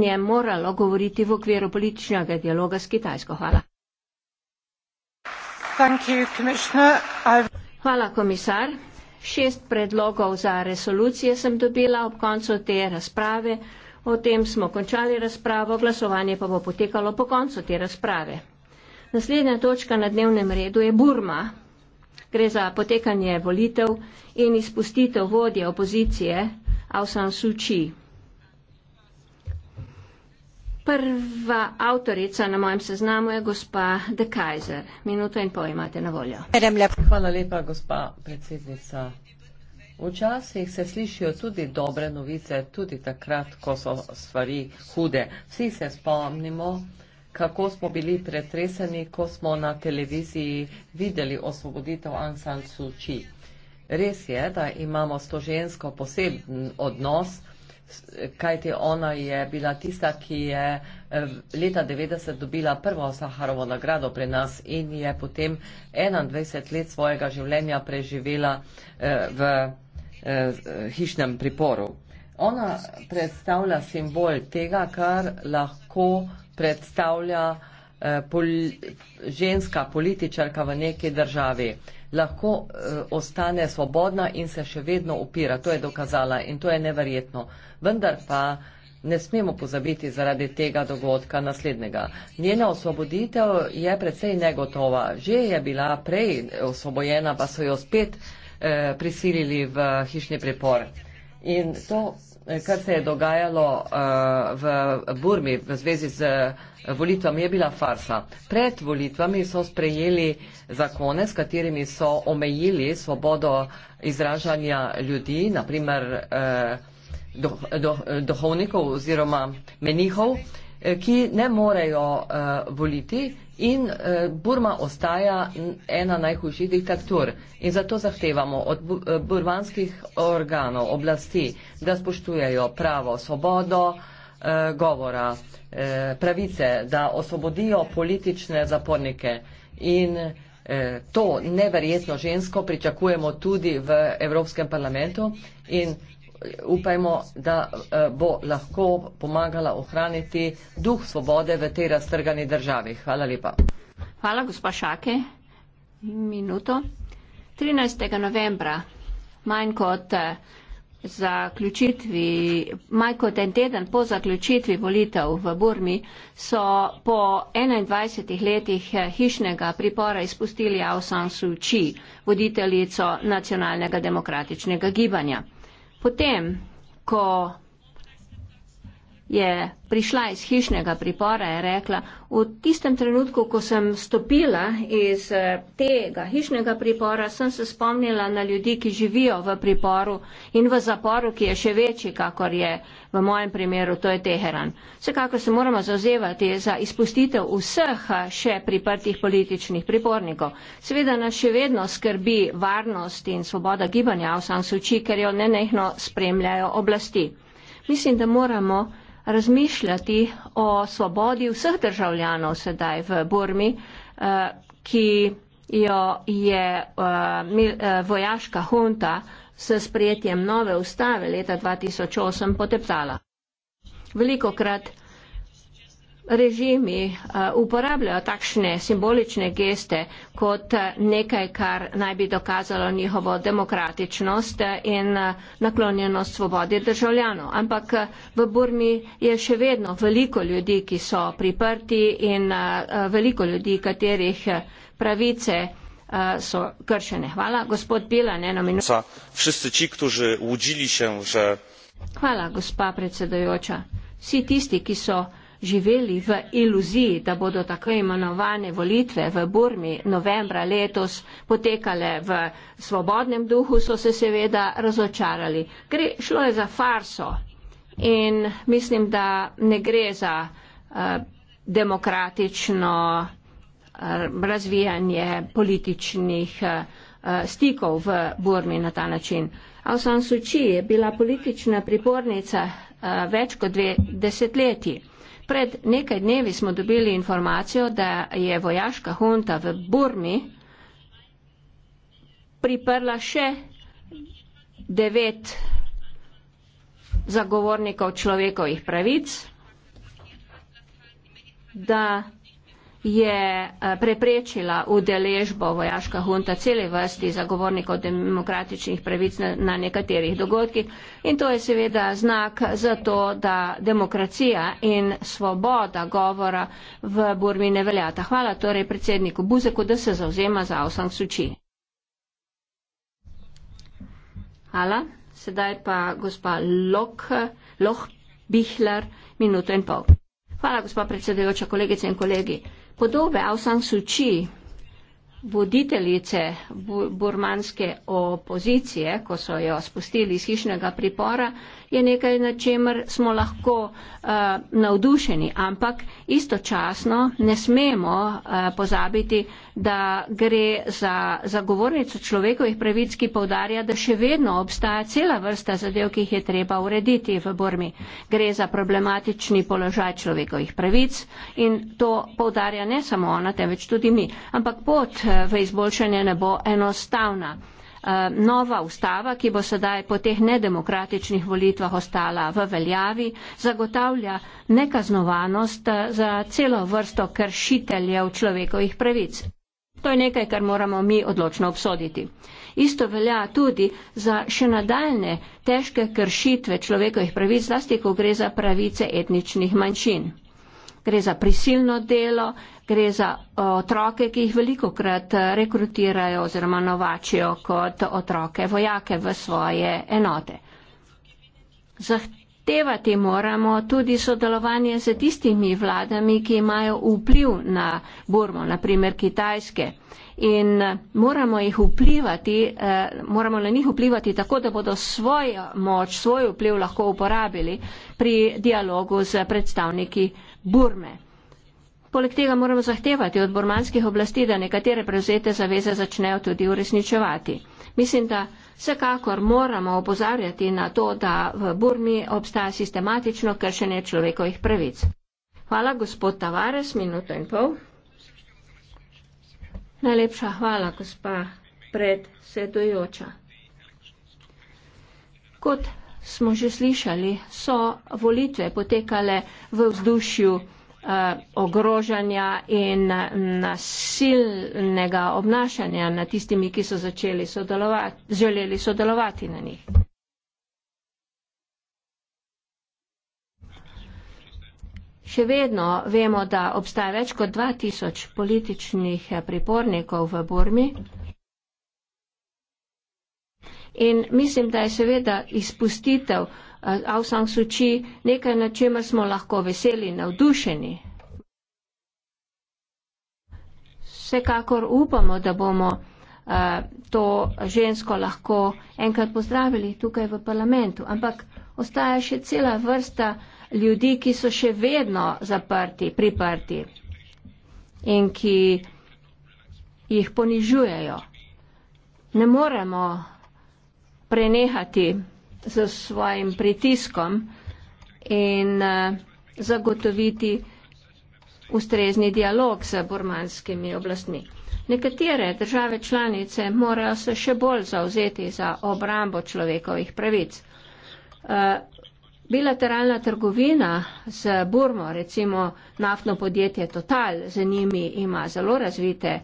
njem moralo govoriti v okviru političnega dialoga s Kitajsko. Hvala. Hvala, komisar. Šest predlogov za resolucije sem dobila ob koncu te razprave. O tem smo končali razpravo, glasovanje pa bo potekalo po koncu te razprave. Naslednja točka na dnevnem redu je Burma. Gre za potekanje volitev in izpustitev vodje opozicije Aung San Suu Kyi. Prva avtorica na mojem seznamu je gospa De Kajzer. Minuto in pol imate na voljo. Hvala lepa, gospa predsednica. Včasih se slišijo tudi dobre novice, tudi takrat, ko so stvari hude. Vsi se spomnimo, kako smo bili pretreseni, ko smo na televiziji videli osvoboditev Aung San Suu Kyi. Res je, da imamo s to žensko poseben odnos kajti ona je bila tista, ki je eh, leta 90 dobila prvo Saharovo nagrado pri nas in je potem 21 let svojega življenja preživela eh, v eh, hišnem priporu. Ona predstavlja simbol tega, kar lahko predstavlja Eh, pol, ženska političarka v neki državi lahko eh, ostane svobodna in se še vedno upira. To je dokazala in to je neverjetno. Vendar pa ne smemo pozabiti zaradi tega dogodka naslednjega. Njena osvoboditev je predvsej negotova. Že je bila prej osvobojena, pa so jo spet eh, prisilili v hišni pripor. In to Eh, kar se je dogajalo uh, v Burmi v zvezi z eh, volitvami, je bila farsa. Pred volitvami so sprejeli zakone, s katerimi so omejili svobodo izražanja ljudi, naprimer uh, do, do, dohovnikov oziroma menihov, ki ne morejo uh, voliti. Uh, In eh, Burma ostaja ena najhujših diktatur. In zato zahtevamo od eh, burmanskih organov oblasti, da spoštujejo pravo svobodo eh, govora, pravice, da osvobodijo politične zapornike. In to neverjetno žensko pričakujemo tudi v Evropskem parlamentu. In upajmo, da eh, bo lahko pomagala ohraniti duh svobode v tej raztrgani državi. Hvala lepa. Hvala, gospa Šake. Minuto. 13. novembra, manj kot eh, zaključitvi, manj kot en teden po zaključitvi volitev v Burmi, so po 21 letih eh, hišnega pripora izpustili Aung San Suu Kyi, voditeljico nacionalnega demokratičnega gibanja. Potem, ko je prišla iz hišnega pripora, je rekla, v tistem trenutku, ko sem stopila iz eh, tega hišnega pripora, sem se spomnila na ljudi, ki živijo v priporu in v zaporu, ki je še večji, kakor je v mojem primeru, to je Teheran. Vsekakor se moramo zauzevati za izpustitev vseh eh, še priprtih političnih pripornikov. Seveda nas še vedno skrbi varnost in svoboda gibanja v Sansuči, ker jo nenehno spremljajo oblasti. Mislim, da moramo razmišljati o svobodi vseh državljanov sedaj v Burmi, eh, ki jo je eh, eh, vojaška hunta s sprejetjem nove ustave leta 2008 poteptala. Veliko krat režimi eh, uporabljajo takšne simbolične geste kot eh, nekaj, kar naj bi dokazalo njihovo demokratičnost eh, in naklonjenost svobodi državljanov. Ampak v Burmi je še vedno veliko ljudi, ki so priprti in veliko ljudi, katerih pravice so kršene. Hvala, gospod Pilan, eno minuto. Hvala, gospa predsedojoča. Vsi tisti, ki so živeli v iluziji, da bodo tako imenovane volitve v Burmi novembra letos potekale v svobodnem duhu, so se seveda razočarali. Gre, šlo je za farso in mislim, da ne gre za uh, demokratično uh, razvijanje političnih uh, stikov v Burmi na ta način. Aung San Suu Kyi je bila politična pripornica uh, več kot dve desetletji. Pred nekaj dnevi smo dobili informacijo, da je vojaška hunta v Burmi priprla še devet zagovornikov človekovih pravic, da je eh, preprečila udeležbo vojaška hunta cele vrsti zagovornikov demokratičnih pravic na nekaterih dogodkih. In to je seveda znak za to, da demokracija in svoboda govora v Burmi ne veljata. Hvala torej predsedniku Buzeku, da se zauzema za Osang Suči. Hvala. Sedaj pa gospa Lok, Loh Bihler, minuto in pol. Hvala, gospod predsedujoča, kolegice in kolegi podobe Aung San Suu Kyi, voditeljice burmanske opozicije, ko so jo spustili iz hišnega pripora, je nekaj, na čemer smo lahko uh, navdušeni, ampak istočasno ne smemo uh, pozabiti, da gre za zagovornico človekovih pravic, ki povdarja, da še vedno obstaja cela vrsta zadev, ki jih je treba urediti v Burmi. Gre za problematični položaj človekovih pravic in to povdarja ne samo ona, temveč tudi mi. Ampak pot eh, v izboljšanje ne bo enostavna. Eh, nova ustava, ki bo sedaj po teh nedemokratičnih volitvah ostala v veljavi, zagotavlja nekaznovanost eh, za celo vrsto kršiteljev človekovih pravic. To je nekaj, kar moramo mi odločno obsoditi. Isto velja tudi za še nadaljne težke kršitve človekovih pravic, zlasti ko gre za pravice etničnih manjšin gre za prisilno delo, gre za eh, otroke, ki jih veliko krat eh, rekrutirajo oziroma novačijo kot otroke vojake v svoje enote. Zahtevati moramo tudi sodelovanje z tistimi vladami, ki imajo vpliv na Burmo, naprimer kitajske. In eh, moramo, vplivati, eh, moramo na njih vplivati tako, da bodo svojo moč, svoj vpliv lahko uporabili pri dialogu z predstavniki Burme. Poleg tega moramo zahtevati od burmanskih oblasti, da nekatere prevzete zaveze začnejo tudi uresničevati. Mislim, da vsekakor moramo opozarjati na to, da v Burmi obstaja sistematično kršenje človekovih pravic. Hvala, gospod Tavares, minuto in pol. Najlepša hvala, gospa predsedujoča. Kot smo že slišali, so volitve potekale v vzdušju eh, ogrožanja in mm, nasilnega obnašanja nad tistimi, ki so začeli sodelovati, želeli sodelovati na njih. Še vedno vemo, da obstaja več kot 2000 političnih eh, pripornikov v Burmi, In mislim, da je seveda izpustitev eh, Avsang Suči nekaj, na čemer smo lahko veseli, navdušeni. Vsekakor upamo, da bomo a, eh, to žensko lahko enkrat pozdravili tukaj v parlamentu, ampak ostaja še cela vrsta ljudi, ki so še vedno zaprti, priprti in ki jih ponižujejo. Ne moremo prenehati z svojim pritiskom in eh, zagotoviti ustrezni dialog z burmanskimi oblastmi. Nekatere države članice morajo se še bolj zauzeti za obrambo človekovih pravic. Eh, bilateralna trgovina z Burmo, recimo naftno podjetje Total, za njimi ima zelo razvite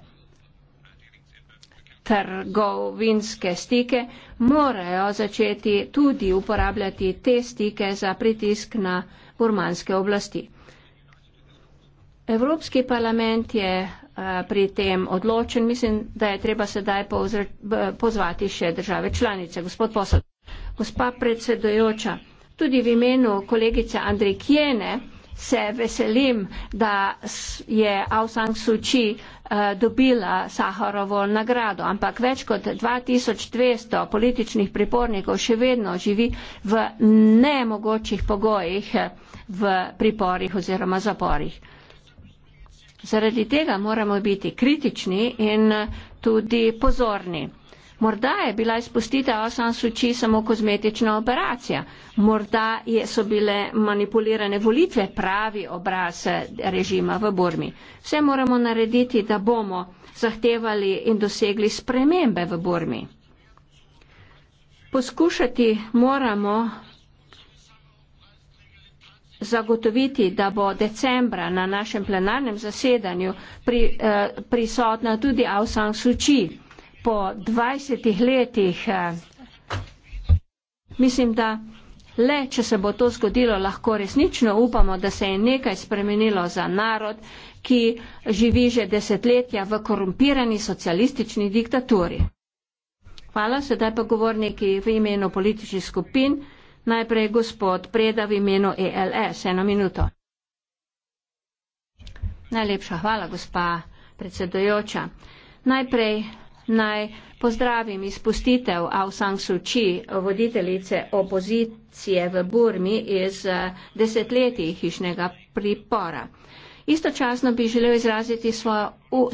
trgovinske stike, morajo začeti tudi uporabljati te stike za pritisk na burmanske oblasti. Evropski parlament je eh, pri tem odločen. Mislim, da je treba sedaj pozvati še države članice. Gospod posel. Gospa predsedujoča, tudi v imenu kolegice Andrej Kjene, se veselim, da je Aung San Suu Kyi eh, dobila Saharovo nagrado, ampak več kot 2200 političnih pripornikov še vedno živi v nemogočih pogojih eh, v priporih oziroma zaporih. Zaradi tega moramo biti kritični in eh, tudi pozorni. Morda je bila izpustitev Osan Suči samo kozmetična operacija. Morda je, so bile manipulirane volitve pravi obraz eh, režima v Burmi. Vse moramo narediti, da bomo zahtevali in dosegli spremembe v Burmi. Poskušati moramo zagotoviti, da bo decembra na našem plenarnem zasedanju pri, eh, prisotna tudi Aung San Suu Kyi po 20 letih. Eh, mislim, da le, če se bo to zgodilo, lahko resnično upamo, da se je nekaj spremenilo za narod, ki živi že desetletja v korumpirani socialistični diktaturi. Hvala, sedaj pa govorniki v imenu političnih skupin. Najprej gospod Preda v imenu ELS. Eno minuto. Najlepša hvala, gospa predsedojoča. Najprej naj pozdravim izpustitev Aung San Suu Kyi, voditeljice opozicije v Burmi iz eh, desetletij hišnega pripora. Istočasno bi želel izraziti svoje,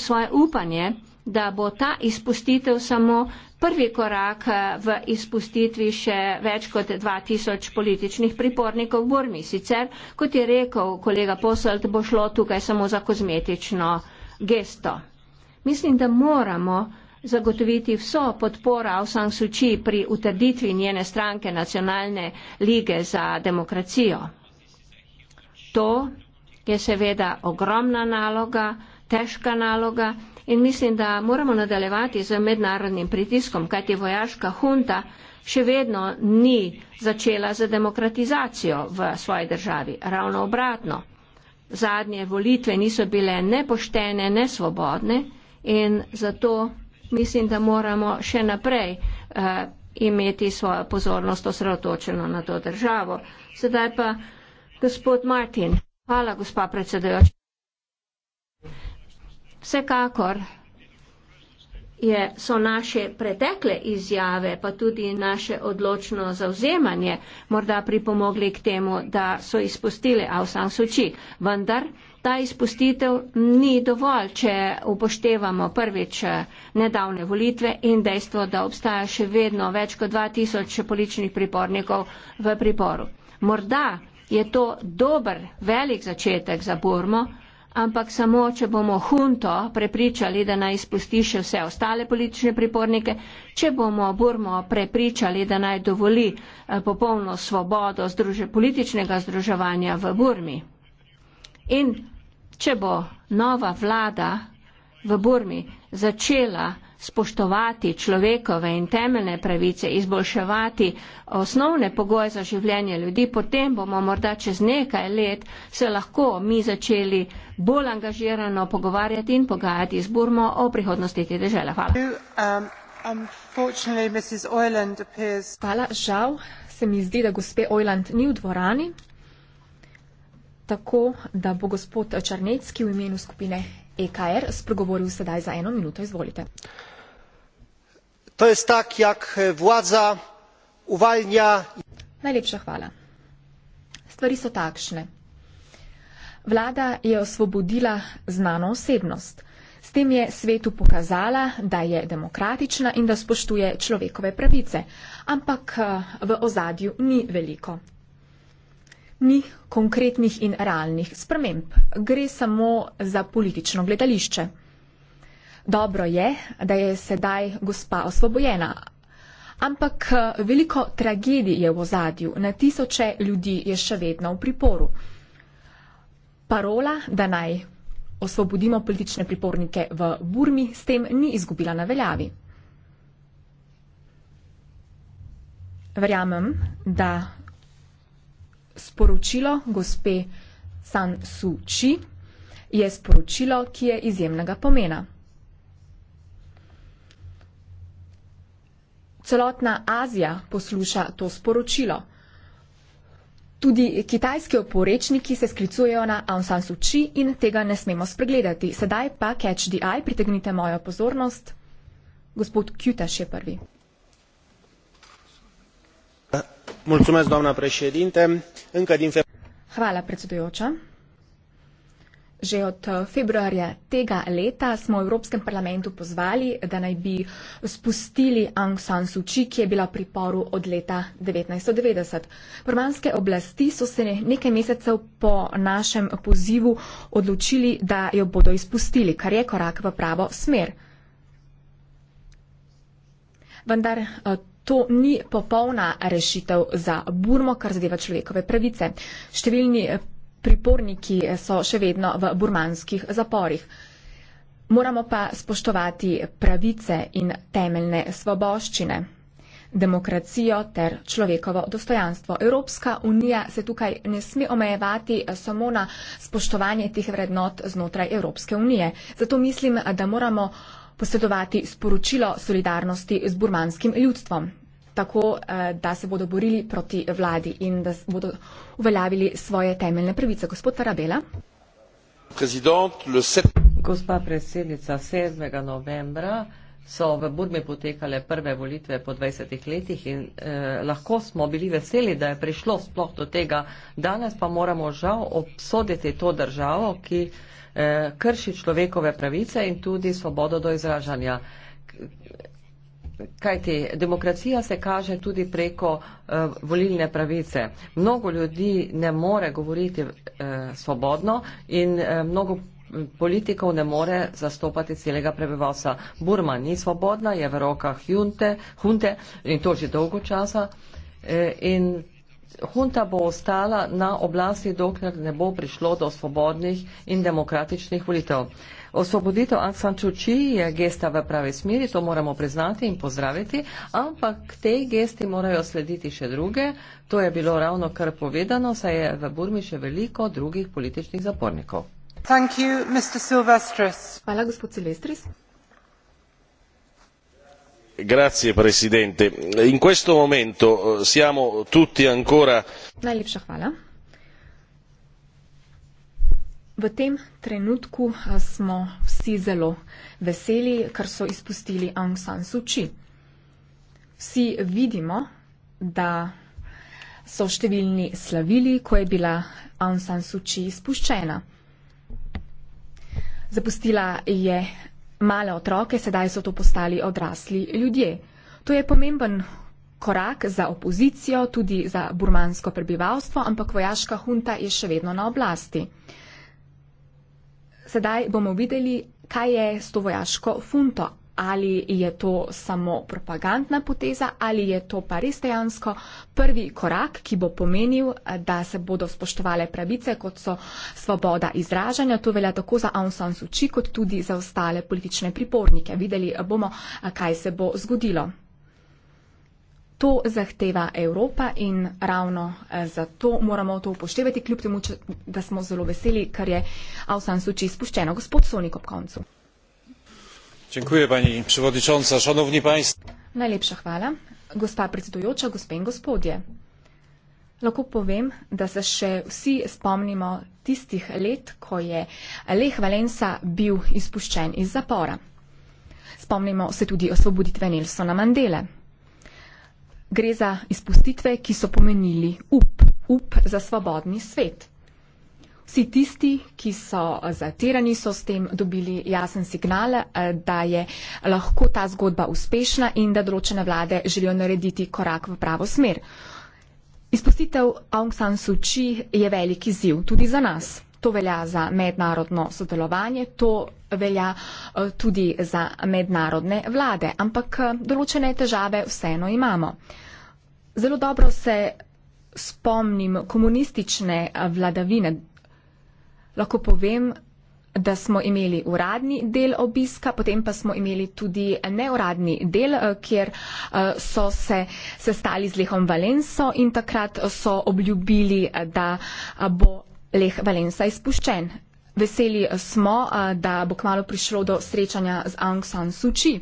svoje upanje, da bo ta izpustitev samo prvi korak eh, v izpustitvi še več kot 2000 političnih pripornikov v Burmi. Sicer, kot je rekel kolega Poselt, bo šlo tukaj samo za kozmetično gesto. Mislim, da moramo zagotoviti vso podporo Aung San Suu Kyi pri utrditvi njene stranke Nacionalne lige za demokracijo. To je seveda ogromna naloga, težka naloga in mislim, da moramo nadaljevati z mednarodnim pritiskom, kajti vojaška hunta še vedno ni začela z demokratizacijo v svoji državi. Ravno obratno. Zadnje volitve niso bile nepoštene, nesvobodne in zato mislim, da moramo še naprej uh, imeti svojo pozornost osredotočeno na to državo. Sedaj pa gospod Martin. Hvala, gospa predsedujoča. Vsekakor je, so naše pretekle izjave, pa tudi naše odločno zauzemanje morda pripomogli k temu, da so izpustili Aung San Suu Kyi. Vendar ta izpustitev ni dovolj, če upoštevamo prvič eh, nedavne volitve in dejstvo, da obstaja še vedno več kot 2000 političnih pripornikov v priporu. Morda je to dober, velik začetek za Burmo, ampak samo, če bomo hunto prepričali, da naj izpusti še vse ostale politične pripornike, če bomo Burmo prepričali, da naj dovoli eh, popolno svobodo združe, političnega združevanja v Burmi. In če bo nova vlada v Burmi začela spoštovati človekove in temeljne pravice, izboljševati osnovne pogoje za življenje ljudi, potem bomo morda čez nekaj let se lahko mi začeli bolj angažirano pogovarjati in pogajati z Burmo o prihodnosti te države. Hvala. Um, Hvala. Žal se mi zdi, da gospe Ojland ni v dvorani tako, da bo gospod Črnecki v imenu skupine EKR spregovoril sedaj za eno minuto. Izvolite. To je tak, jak vlada uvaljnja. Najlepša hvala. Stvari so takšne. Vlada je osvobodila znano osebnost. S tem je svetu pokazala, da je demokratična in da spoštuje človekove pravice. Ampak eh, v ozadju ni veliko ni konkretnih in realnih sprememb. Gre samo za politično gledališče. Dobro je, da je sedaj gospa osvobojena, ampak eh, veliko tragedij je v ozadju, na tisoče ljudi je še vedno v priporu. Parola, da naj osvobodimo politične pripornike v Burmi, s tem ni izgubila na veljavi. Verjamem, da sporočilo gospe San Suu Kyi je sporočilo, ki je izjemnega pomena. Celotna Azija posluša to sporočilo. Tudi kitajski oporečniki se sklicujejo na Aung San Suu Kyi in tega ne smemo spregledati. Sedaj pa catch the eye, pritegnite mojo pozornost. Gospod Kjutaš je prvi. Hvala, predsedujoča. Že od eh, februarja tega leta smo v Evropskem parlamentu pozvali, da naj bi spustili Aung San Suu Kyi, ki je bila v priporu od leta 1990. Burmanske oblasti so se nekaj mesecev po našem pozivu odločili, da jo bodo izpustili, kar je korak v pravo smer. Vendar eh, to ni popolna rešitev za Burmo, kar zadeva človekove pravice. Številni eh, priporniki eh, so še vedno v burmanskih zaporih. Moramo pa spoštovati pravice in temeljne svoboščine, demokracijo ter človekovo dostojanstvo. Evropska unija se tukaj ne sme omejevati eh, samo na spoštovanje teh vrednot znotraj Evropske unije. Zato mislim, da moramo posredovati sporočilo solidarnosti z burmanskim ljudstvom, tako eh, da se bodo borili proti vladi in da bodo uveljavili svoje temeljne pravice. Gospod Farabela. Gospa predsednica, 7. novembra so v Budmi potekale prve volitve po 20 letih in eh, lahko smo bili veseli, da je prišlo sploh do tega. Danes pa moramo žal obsoditi to državo, ki eh, krši človekove pravice in tudi svobodo do izražanja. Kajti demokracija se kaže tudi preko eh, volilne pravice. Mnogo ljudi ne more govoriti eh, svobodno in eh, mnogo politikov ne more zastopati celega prebivalstva. Burma ni svobodna, je v rokah junte, hunte in to že dolgo časa. E, in hunta bo ostala na oblasti, dokler ne bo prišlo do svobodnih in demokratičnih volitev. Osvoboditev Aung San Suu Kyi je gesta v pravi smeri, to moramo priznati in pozdraviti, ampak k tej gesti morajo slediti še druge. To je bilo ravno kar povedano, saj je v Burmi še veliko drugih političnih zapornikov signora presidente in questo momento eh, siamo tutti ancora. najlepša hvala v tem trenutku eh, smo vsi zelo veseli ker so izpustili aung san suu kyi vsi vidimo da so številni slavili ko je bila aung san suu kyi izpuščena. Zapustila je male otroke, sedaj so to postali odrasli ljudje. To je pomemben korak za opozicijo, tudi za burmansko prebivalstvo, ampak vojaška hunta je še vedno na oblasti. Sedaj bomo videli, kaj je s to vojaško funto, ali je to samo propagandna poteza ali je to pa res dejansko prvi korak, ki bo pomenil, da se bodo spoštovale pravice, kot so svoboda izražanja. To velja tako za Aung San Suu Kyi, kot tudi za ostale politične pripornike. Videli bomo, kaj se bo zgodilo. To zahteva Evropa in ravno eh, zato moramo to upoštevati, kljub temu, da smo zelo veseli, ker je Aung San Suu Kyi spuščena. Gospod Sonik ob koncu. Najlepša hvala. Gospa predsedujoča, gospe in gospodje. Lahko povem, da se še vsi spomnimo tistih let, ko je Leh Valensa bil izpuščen iz zapora. Spomnimo se tudi osvoboditve Nelsona Mandele. Gre za izpustitve, ki so pomenili up, up za svobodni svet. Vsi tisti, ki so zatirani, so s tem dobili jasen signal, eh, da je lahko ta zgodba uspešna in da določene vlade želijo narediti korak v pravo smer. Izpustitev Aung San Suu Kyi je veliki ziv tudi za nas. To velja za mednarodno sodelovanje, to velja eh, tudi za mednarodne vlade, ampak eh, določene težave vseeno imamo. Zelo dobro se spomnim komunistične vladavine lahko povem, da smo imeli uradni del obiska, potem pa smo imeli tudi neuradni del, eh, kjer eh, so se sestali z Lehom Valenso in takrat so obljubili, eh, da bo Leh Valensa izpuščen. Veseli smo, da bo kmalo prišlo do srečanja z Aung San Suu Kyi.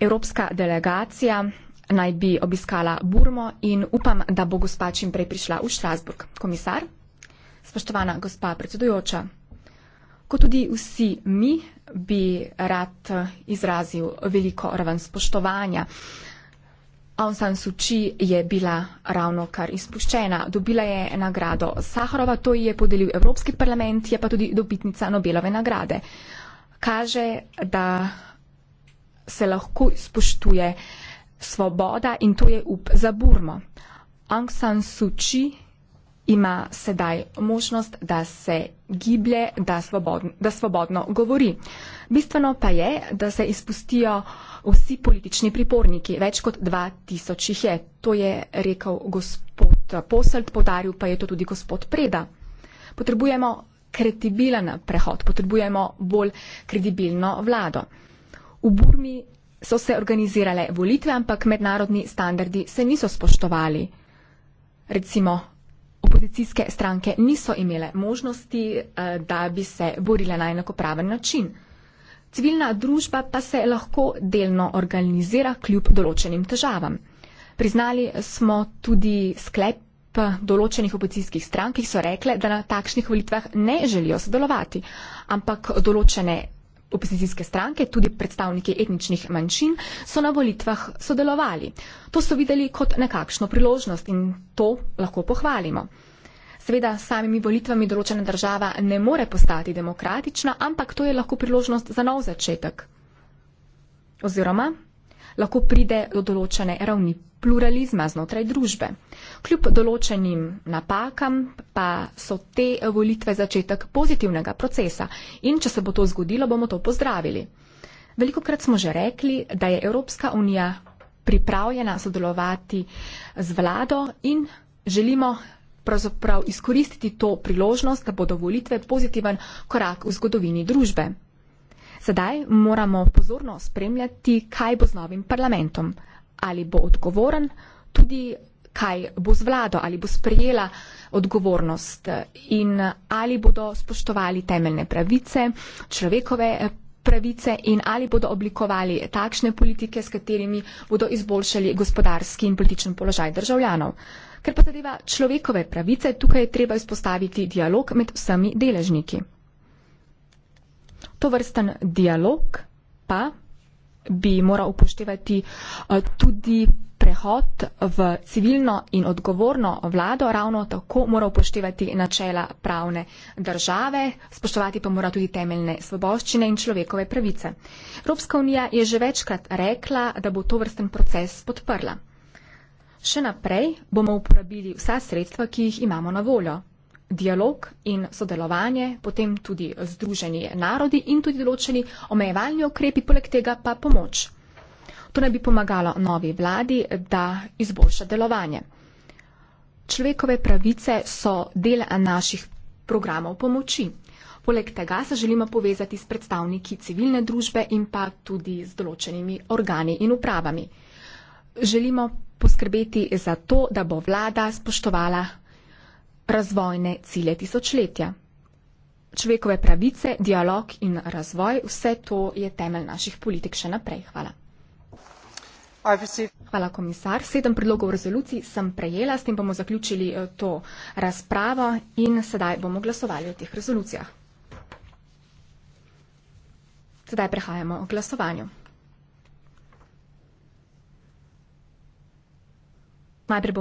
Evropska delegacija naj bi obiskala Burmo in upam, da bo gospa čim prej prišla v Štrasburg. Komisar? Spoštovana gospa predsedujoča, kot tudi vsi mi, bi rad eh, izrazil veliko raven spoštovanja. Aung San Suu Kyi je bila ravno kar izpuščena, dobila je nagrado Saharova, to ji je podelil Evropski parlament, je pa tudi dobitnica Nobelove nagrade. Kaže, da se lahko spoštuje svoboda in to je up za Burmo. Aung San Suu Kyi ima sedaj možnost, da se giblje, da svobodno, da svobodno govori. Bistveno pa je, da se izpustijo vsi politični priporniki, več kot 2000 jih je. To je rekel gospod Poselt, podaril pa je to tudi gospod Preda. Potrebujemo kredibilen prehod, potrebujemo bolj kredibilno vlado. V Burmi so se organizirale volitve, ampak mednarodni standardi se niso spoštovali. Recimo opozicijske stranke niso imele možnosti, eh, da bi se borile na enakopraven način. Civilna družba pa se lahko delno organizira kljub določenim težavam. Priznali smo tudi sklep določenih opozicijskih strank, ki so rekle, da na takšnih volitvah ne želijo sodelovati, ampak določene opozicijske stranke, tudi predstavniki etničnih manjšin, so na volitvah sodelovali. To so videli kot nekakšno priložnost in to lahko pohvalimo. Seveda, samimi volitvami določena država ne more postati demokratična, ampak to je lahko priložnost za nov začetek. Oziroma, lahko pride do določene ravni pluralizma znotraj družbe. Kljub določenim napakam pa so te volitve začetek pozitivnega procesa in če se bo to zgodilo, bomo to pozdravili. Veliko krat smo že rekli, da je Evropska unija pripravljena sodelovati z vlado in želimo pravzaprav izkoristiti to priložnost, da bodo volitve pozitiven korak v zgodovini družbe. Sedaj moramo pozorno spremljati, kaj bo z novim parlamentom. Ali bo odgovoren, tudi kaj bo z vlado, ali bo sprejela odgovornost in ali bodo spoštovali temeljne pravice, človekove eh, pravice in ali bodo oblikovali takšne politike, s katerimi bodo izboljšali gospodarski in politični položaj državljanov. Ker pa zadeva človekove pravice, tukaj je treba izpostaviti dialog med vsemi deležniki. To vrsten dialog pa bi moral upoštevati eh, tudi prehod v civilno in odgovorno vlado, ravno tako mora upoštevati načela pravne države, spoštovati pa mora tudi temeljne svoboščine in človekove pravice. Evropska unija je že večkrat rekla, da bo to vrsten proces podprla. Še naprej bomo uporabili vsa sredstva, ki jih imamo na voljo dialog in sodelovanje, potem tudi združeni narodi in tudi določeni omejevalni okrepi, poleg tega pa pomoč. To naj bi pomagalo novi vladi, da izboljša delovanje. Človekove pravice so del naših programov pomoči. Poleg tega se želimo povezati s predstavniki civilne družbe in pa tudi z določenimi organi in upravami. Želimo poskrbeti za to, da bo vlada spoštovala razvojne cilje tisočletja. Človekove pravice, dialog in razvoj, vse to je temelj naših politik še naprej. Hvala. Hvala, komisar. Sedem predlogov rezolucij sem prejela, s tem bomo zaključili eh, to razpravo in sedaj bomo glasovali o teh rezolucijah. Sedaj prehajamo o glasovanju. Najprej bom